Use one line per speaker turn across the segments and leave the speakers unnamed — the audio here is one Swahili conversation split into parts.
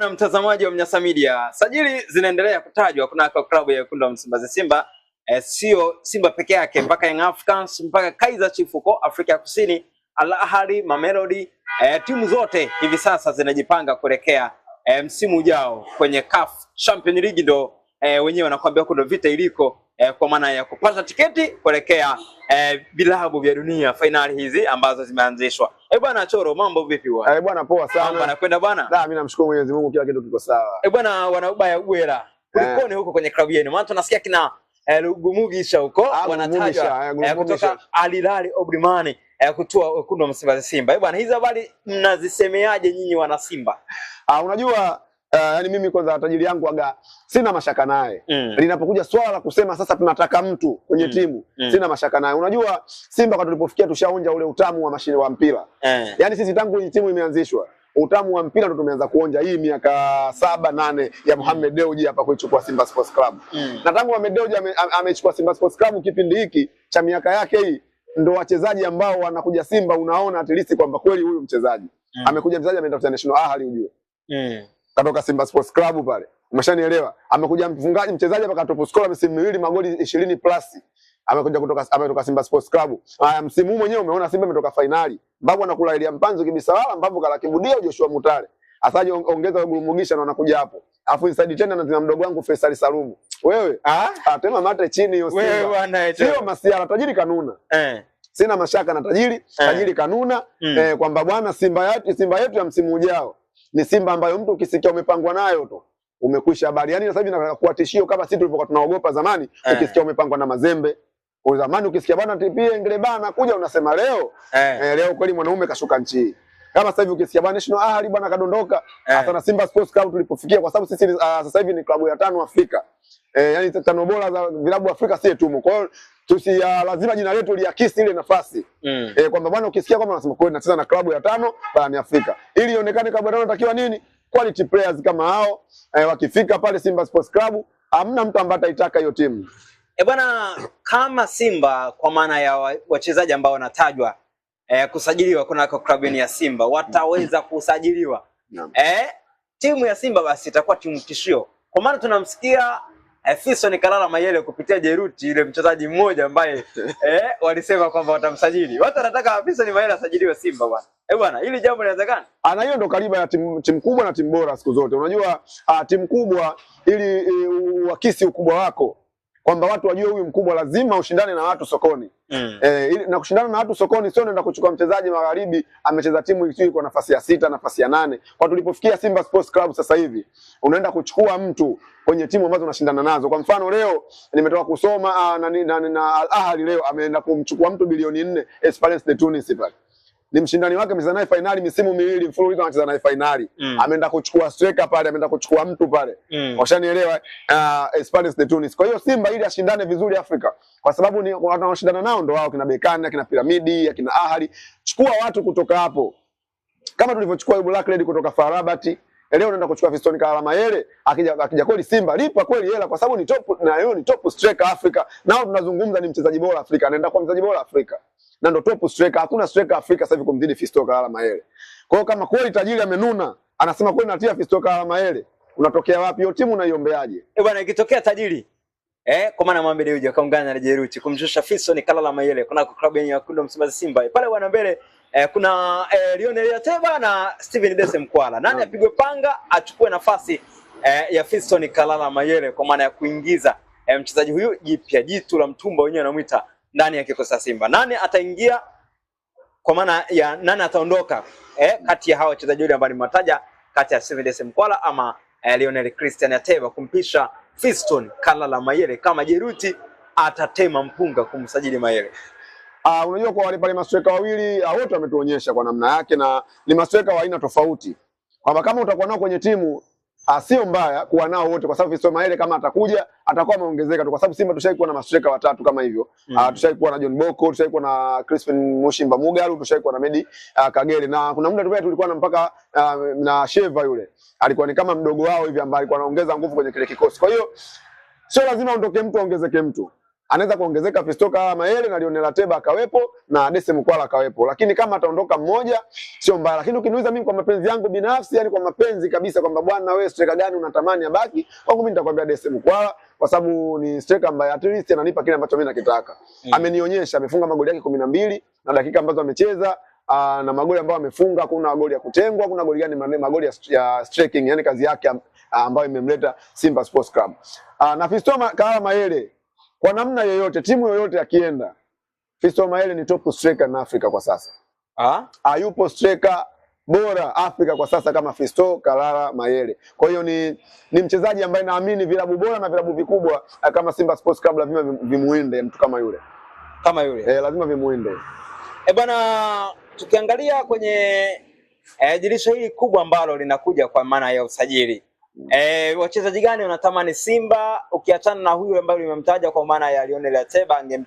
Na mtazamaji wa Mnyasa Media, sajili zinaendelea kutajwa kunako klabu ya wekundu wa Msimbazi Simba. E, sio Simba peke yake, mpaka Young Africans, mpaka Kaizer Chiefs huko Afrika ya Kusini, Al Ahly, Mamelodi, e, timu zote hivi sasa zinajipanga kuelekea e, msimu ujao kwenye CAF Champions League ndo e, wenyewe wanakuambia kuna vita iliko eh, kwa maana ya kupata tiketi kuelekea eh, vilabu vya dunia fainali hizi ambazo zimeanzishwa. Eh, bwana Choro, mambo vipi
bwana? Eh, bwana poa sana. Mambo
yanakwenda bwana?
Da, mimi namshukuru Mwenyezi Mungu kila kitu kiko sawa.
Eh, bwana wanaubaya uwera. Kulikoni eh. huko kwenye klabu yenu? Maana tunasikia kina eh, Lugumugisha huko ah, wanatajwa eh, kutoka Alilali Obrimani kutua wekundu wa Msimbazi Simba. Eh, bwana hizi habari mnazisemeaje nyinyi wana Simba?
Ah, unajua Uh, eh, yani mimi kwanza tajiri yangu aga sina mashaka naye mm. Linapokuja swala la kusema sasa tunataka mtu kwenye mm. timu mm. Sina mashaka naye. Unajua Simba kwa tulipofikia tushaonja ule utamu wa mashine wa mpira eh. Yani sisi tangu timu imeanzishwa utamu wa mpira ndo tumeanza kuonja hii miaka saba nane ya Mohamed Dewji hapa kuichukua Simba Sports Club mm. Na tangu Mohamed Dewji amechukua Simba Sports Club kipindi hiki cha miaka yake hii ndo wachezaji ambao wanakuja Simba, unaona at least kwamba kweli huyu mchezaji mm. amekuja mchezaji ameenda kwa national ahali ah, ujue mm katoka Simba Sports Club pale, umeshanielewa. Amekuja mfungaji mchezaji hapa katopo score msimu miwili magoli 20 plus, amekuja kutoka ametoka Simba Sports Club. Haya, msimu mwenyewe umeona Simba imetoka finali. Mbavu anakula ile Mpanzo kibisawala, Mbavu kala kibudia Joshua Mutale, asaje ongeza Gulumugisha na anakuja hapo, afu inside tena na zina mdogo wangu Faisal Salumu. Wewe ah, atema ah, mate chini hiyo Simba.
Wewe bwana, eti.
Eh, sio masiara, tajiri kanuna eh Sina mashaka na tajiri, eh. tajiri kanuna mm. eh kwamba bwana Simba yetu Simba yetu ya msimu ujao ni Simba ambayo mtu ukisikia umepangwa nayo tu umekwisha habari. Yani sasa hivi nataka kuwa tishio kama sisi tulivyokuwa tunaogopa zamani, eh. Ukisikia umepangwa na Mazembe kwa zamani, ukisikia bwana TPA Ngeleba anakuja unasema leo eh. Eh, leo kweli mwanaume kashuka nchi kama sasa hivi ukisikia bwana Shino Ahli bwana kadondoka hasa eh. Na Simba Sports Club tulipofikia, kwa sababu sisi uh, sasa hivi ni klabu ya tano Afrika eh, yani tano bora za vilabu Afrika sisi tumo. Kwa hiyo tusi uh, lazima jina letu liakisi ile nafasi mm. E, kwamba bwana, ukisikia kwamba nasema kweli nacheza na klabu ya tano barani Afrika, ili ionekane klabu ya tano natakiwa nini, quality players kama hao e, wakifika pale Simba Sports Club hamna mtu ambaye ataitaka hiyo timu
e, bwana kama Simba kwa maana ya wachezaji ambao wanatajwa e, kusajiliwa kuna kwa klabu ya Simba wataweza kusajiliwa yeah. E, timu ya Simba basi itakuwa timu tishio, kwa maana tunamsikia Fiston Kalala Mayele kupitia Jeruti yule mchezaji mmoja ambaye eh, walisema kwamba watamsajili. Watu wanataka Fiston Mayele asajiliwe Simba bwana. Eh, bwana, hili jambo linawezekana?
Ana hiyo ndo kariba ya timu tim kubwa na timu bora siku zote. Unajua ah, timu kubwa ili eh, uakisi ukubwa wako kwamba watu wajue huyu mkubwa, lazima ushindane na watu sokoni mm. E, na kushindana na watu sokoni sio naenda kuchukua mchezaji magharibi amecheza timu ikiwa kwa nafasi ya sita, nafasi ya nane. Kwa tulipofikia Simba Sports Club sasa hivi, unaenda kuchukua mtu kwenye timu ambazo unashindana nazo. Kwa mfano leo nimetoka kusoma ah, na, na, na, na Al Ahly leo ameenda kumchukua mtu bilioni nne Esperance de Tunis pale ni mshindani wake, amecheza naye fainali misimu miwili mfululizo, anacheza naye fainali mm. ameenda kuchukua striker pale, ameenda kuchukua mtu pale mm. washanielewa, uh, Esperance de Tunis. Kwa hiyo Simba ili ashindane vizuri Afrika, kwa sababu ni wanaoshindana nao ndo wao, kina Bekani, kina Piramidi, kina Ahali. Chukua watu kutoka hapo, kama tulivyochukua Black Red kutoka Farabati leo unaenda kuchukua Fiston Kalala yele akija akija kweli Simba lipa kweli hela, kwa sababu ni top na yeye ni top striker Afrika, nao tunazungumza ni mchezaji bora Afrika, anaenda kwa mchezaji bora Afrika na ndo top striker. Hakuna striker Afrika sasa hivi kumzidi Fiston Kalala Mayele. Kwa hiyo kama kweli tajiri amenuna, anasema kweli natia Fiston Kalala Mayele, unatokea wapi hiyo timu unaiombeaje?
Eh bwana, ikitokea tajiri eh, kwa maana Mohamed Dewji akaungana na Jeruti kumshusha Fiston Kalala Mayele kuna klabu yenye wekundu Msimbazi Simba pale bwana mbele eh, kuna eh, Lionel Yateba na Steven Dese Mkwala. Nani apigwe panga achukue nafasi eh, ya Fiston Kalala Mayele kwa maana ya kuingiza eh, mchezaji huyu jipya jitu la mtumba wenyewe anamuita ndani ya kikosi cha Simba. Nani ataingia kwa maana ya nani ataondoka eh, kati ya hawa wachezaji wote ambao nimewataja kati ya Steven Dese Mkwala ama eh, Lionel Christian Ateba kumpisha Fiston Kalala Mayele kama Jeruti atatema mpunga kumsajili Mayele.
Uh, unajua kwa wale pale masweka wawili ah, wote wametuonyesha kwa namna yake, na ni masweka wa aina tofauti, kwamba kama utakuwa nao kwenye timu Ah, sio mbaya kuwa nao wote, kwa sababu Ismail kama atakuja atakuwa ameongezeka tu, kwa sababu Simba tushaikuwa na masteka watatu kama hivyo mm. Uh, ah, tushaikuwa na John Boko, tushaikuwa na Crispin Mushimba Mugalu, tushaikuwa na Medi uh, Kagere na kuna muda tu tulikuwa na mpaka uh, na Sheva yule alikuwa ni kama mdogo wao hivi ambaye alikuwa anaongeza nguvu kwenye kile kikosi. Kwa hiyo sio lazima ondoke mtu aongezeke mtu anaweza kuongezeka Festoka kama Mayele na Lionel Ateba akawepo na Dese Mkwala akawepo, lakini kama ataondoka mmoja sio mbaya. Lakini ukiniuliza mimi kwa mapenzi yangu binafsi, yani kwa mapenzi kabisa, kwamba bwana, wewe striker gani unatamani abaki, kwangu mimi nitakwambia Dese Mkwala kwa sababu ni striker ambaye at least ananipa kile ambacho mimi nakitaka. Mm. Amenionyesha, amefunga magoli yake 12 na dakika ambazo amecheza na magoli ambayo amefunga, kuna magoli ya kutengwa, kuna magoli gani, magoli ya, ya striking, yani kazi yake ambayo imemleta Simba Sports Club. Aa, na Fiston Kalala Mayele kwa namna yoyote, timu yoyote akienda, Fiston Maele ni top striker na Afrika kwa sasa. Ah? hayupo striker bora Afrika kwa sasa kama Fisto Kalala Mayele. Kwa hiyo ni ni mchezaji ambaye naamini vilabu bora na vilabu vikubwa eh, kama Simba Sports Club lazima vimuinde mtu kama yule. Kama yule. E, lazima vimuinde.
e bwana tukiangalia kwenye eh, dirisha hili kubwa ambalo linakuja kwa maana ya usajili Eh, wachezaji gani unatamani Simba ukiachana na huyu ambaye nimemtaja kwa maana ya Lionel Ateba ange,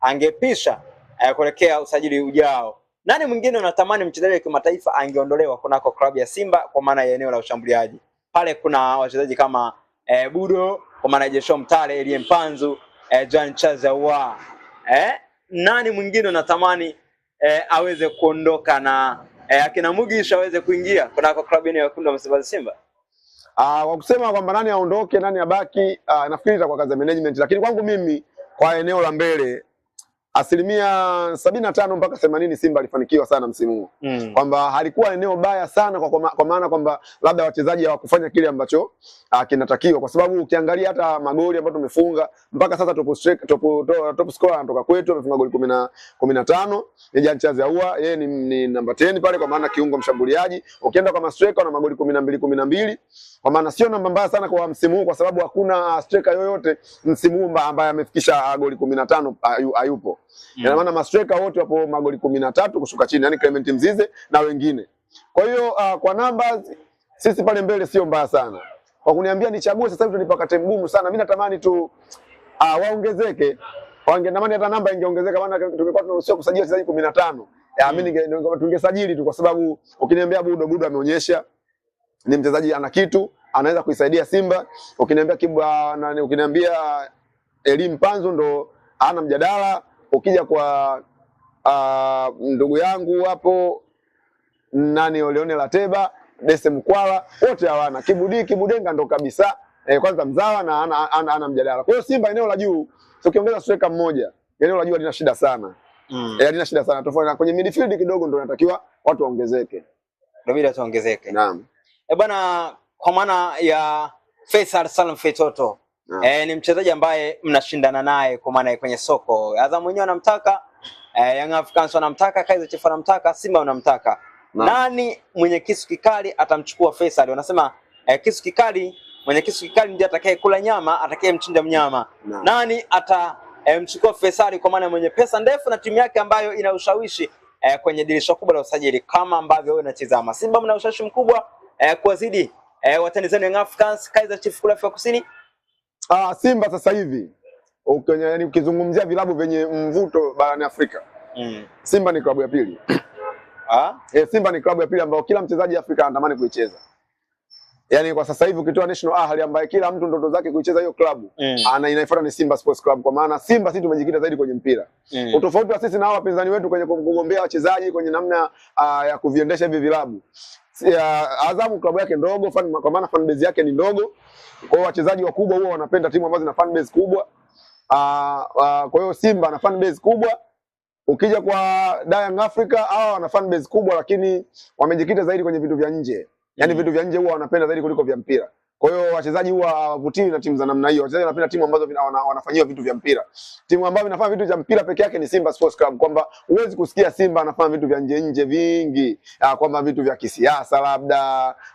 angepisha eh, kuelekea usajili ujao? Nani mwingine unatamani mchezaji wa kimataifa angeondolewa kunako klabu ya Simba kwa maana ya eneo la ushambuliaji? Pale kuna wachezaji kama eh, Budo kwa maana ya Jesho Mtale, Elie Mpanzu, eh, John wa. Eh, nani mwingine unatamani eh, aweze kuondoka na eh, akina Mugisha aweze kuingia kunako klabu ya wekundu wa Msimbazi Simba?
Ah, kwa uh, kusema kwamba nani aondoke nani abaki, uh, nafikiri itakuwa kazi ya management, lakini kwangu mimi kwa eneo la mbele asilimia sabini na tano mpaka themanini Simba alifanikiwa sana msimu huo mm. kwamba halikuwa eneo baya sana kwa, kwa maana kwamba labda wachezaji hawakufanya kile ambacho uh, kinatakiwa, kwa sababu ukiangalia hata magoli ambayo tumefunga mpaka sasa, top strike, top, top, top scorer anatoka kwetu amefunga goli kumi na kumi na tano Jean Charles Ahoua, yeye ni, ni namba 10 pale, kwa maana kiungo mshambuliaji. Ukienda kwa mastreka na magoli kumi na mbili kumi na mbili kwa maana sio namba mbaya sana kwa msimu huu, kwa sababu hakuna streka yoyote msimu huu ambaye amefikisha goli kumi na tano ah, ayupo mm. Ina maana mastreka wote wapo magoli kumi na tatu kushuka chini, yani Clement Mzize na wengine. Kwa hiyo uh, kwa numbers sisi pale mbele sio mbaya sana. Kwa kuniambia nichague sasa hivi tunipa tunipakate mgumu sana. Mimi natamani tu uh, waongezeke. Wangetamani hata namba ingeongezeka, maana tungekuwa tunaruhusiwa kusajili wachezaji 15. Ya, mm. Mimi tungesajili tu kwa sababu ukiniambia Budo Budo ameonyesha ni mchezaji ana kitu anaweza kuisaidia Simba. Ukiniambia Kibwa ah, na ukiniambia Elim Panzo ndo ana mjadala Ukija kwa uh, ndugu yangu hapo nani Oleone Lateba, Dese Mkwala, wote hawana Kibudi. Kibudenga ndo kabisa eh, kwanza mzawa na ana, ana, ana mjadala. Kwa hiyo Simba eneo la juu tukiongeza sweka mmoja, eneo la juu lina shida sana mm. Eh, lina shida sana tofauti na kwenye midfield kidogo, ndo natakiwa watu waongezeke,
ndio bila tuongezeke. Naam, eh bwana, kwa maana ya Faisal Salum Fetoto E, ni mchezaji ambaye mnashindana naye kwa maana kwenye soko. Azam wenyewe anamtaka, e, Young Africans wanamtaka, Kaizer Chiefs wanamtaka, Simba wanamtaka. Na. Nani mwenye kisu kikali atamchukua Faisal? Wanasema e, kisu kikali mwenye kisu kikali ndiye atakaye kula nyama, atakaye mchinja mnyama. Na. Nani atamchukua e, Faisal kwa maana mwenye pesa ndefu na timu yake ambayo ina ushawishi e, kwenye dirisha kubwa la usajili kama ambavyo wewe unatizama. Simba mna ushawishi mkubwa e, kuwazidi e, watani zenu Young Africans, Kaizer Chiefs kule Afrika Kusini
Ah, Simba sasa hivi ukionya, yani, ukizungumzia vilabu vyenye mvuto barani Afrika mm. Simba ni klabu ya pili ah? Eh, Simba ni klabu ya pili ambayo kila mchezaji Afrika anatamani kuicheza yani kwa sasa hivi ukitoa National Ahli ambaye kila mtu ndoto zake kuicheza hiyo klabu mm. ana inaifuata ni Simba Sports Club, kwa maana Simba sisi tumejikita zaidi kwenye mpira mm. Utofauti wa sisi na hao wapinzani wetu kwenye kugombea wachezaji, kwenye namna uh, ya kuviendesha hivi vilabu, uh, klabu yake ndogo fan, kwa maana fan base yake ni ndogo. Kwa hiyo wachezaji wakubwa huwa wanapenda timu ambazo zina fan base kubwa. Uh, uh, kwa hiyo Simba ana fan base kubwa. Ukija kwa Young Africa hawa wana fan base kubwa, lakini wamejikita zaidi kwenye vitu vya nje, yaani mm. vitu vya nje huwa wanapenda zaidi kuliko vya mpira. Kwa hiyo wachezaji huwa hawavutiwi na timu za namna hiyo. Wachezaji wanapenda timu ambazo wana, wanafanyiwa vitu vya mpira. Timu ambayo inafanya vitu vya mpira peke yake ni Simba Sports Club, kwamba huwezi kusikia Simba anafanya vitu vya nje nje vingi, ah, kwamba vitu vya kisiasa labda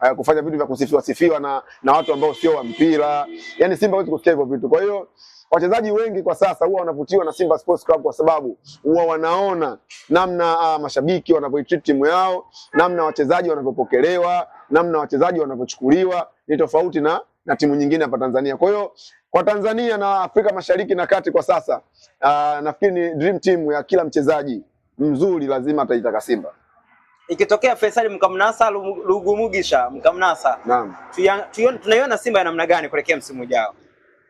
ah, kufanya vitu vya kusifiwa sifiwa na, na watu ambao sio wa mpira. Yaani Simba huwezi kusikia hivyo vitu. Kwa hiyo wachezaji wengi kwa sasa huwa wanavutiwa na Simba Sports Club kwa sababu huwa wanaona namna uh, mashabiki wanavyoitreat timu yao, namna wachezaji wanavyopokelewa, namna wachezaji wanavyochukuliwa ni tofauti na na timu nyingine hapa Tanzania. Kwa hiyo kwa Tanzania na Afrika Mashariki na Kati kwa sasa uh, nafikiri ni dream team ya kila mchezaji mzuri lazima ataitaka Simba.
Ikitokea Faisal Mkamnasa Lugumugisha Mkamnasa. Naam. Tunaiona Simba ya namna gani kuelekea msimu ujao?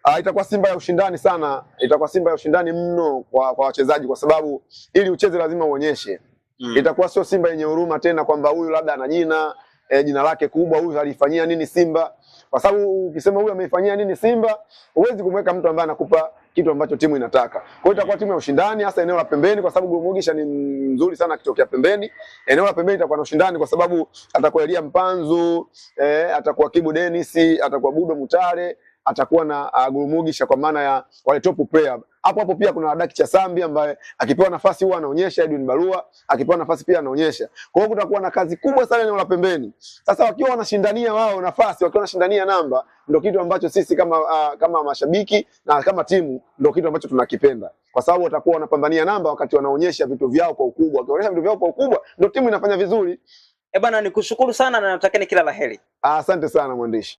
Uh, itakuwa Simba ya ushindani sana, itakuwa Simba ya ushindani mno kwa kwa wachezaji kwa sababu ili ucheze lazima uonyeshe. Mm. Itakuwa sio Simba yenye huruma tena kwamba huyu labda ana jina e, jina lake kubwa, huyu alifanyia nini Simba? Kwa sababu ukisema huyu ameifanyia nini Simba, huwezi kumweka mtu ambaye anakupa kitu ambacho timu inataka. Kwa hiyo itakuwa timu ya ushindani hasa eneo la pembeni, kwa sababu Gurumogisha ni mzuri sana akitokea pembeni. Eneo la pembeni itakuwa na ushindani kwa sababu atakuwa Elia Mpanzu, eh, atakuwa Kibu Dennis, atakuwa Budo Mutare atakuwa na uh, ah, Gulumugisha kwa maana ya wale top player. Hapo hapo pia kuna Wadaki cha Sambi ambaye akipewa nafasi huwa anaonyesha, Edwin Barua akipewa nafasi pia anaonyesha. Kwa hiyo kutakuwa na kazi kubwa sana eneo la pembeni. Sasa wakiwa wanashindania wao nafasi, wakiwa wanashindania namba, ndio kitu ambacho sisi kama uh, kama mashabiki na kama timu ndio kitu ambacho tunakipenda. Kwa sababu watakuwa wanapambania namba wakati wanaonyesha vitu vyao kwa ukubwa. Wakionyesha vitu vyao kwa ukubwa ndio timu inafanya vizuri.
Eh, bana nikushukuru sana na natakia kila la heri.
Ah, asante sana mwandishi.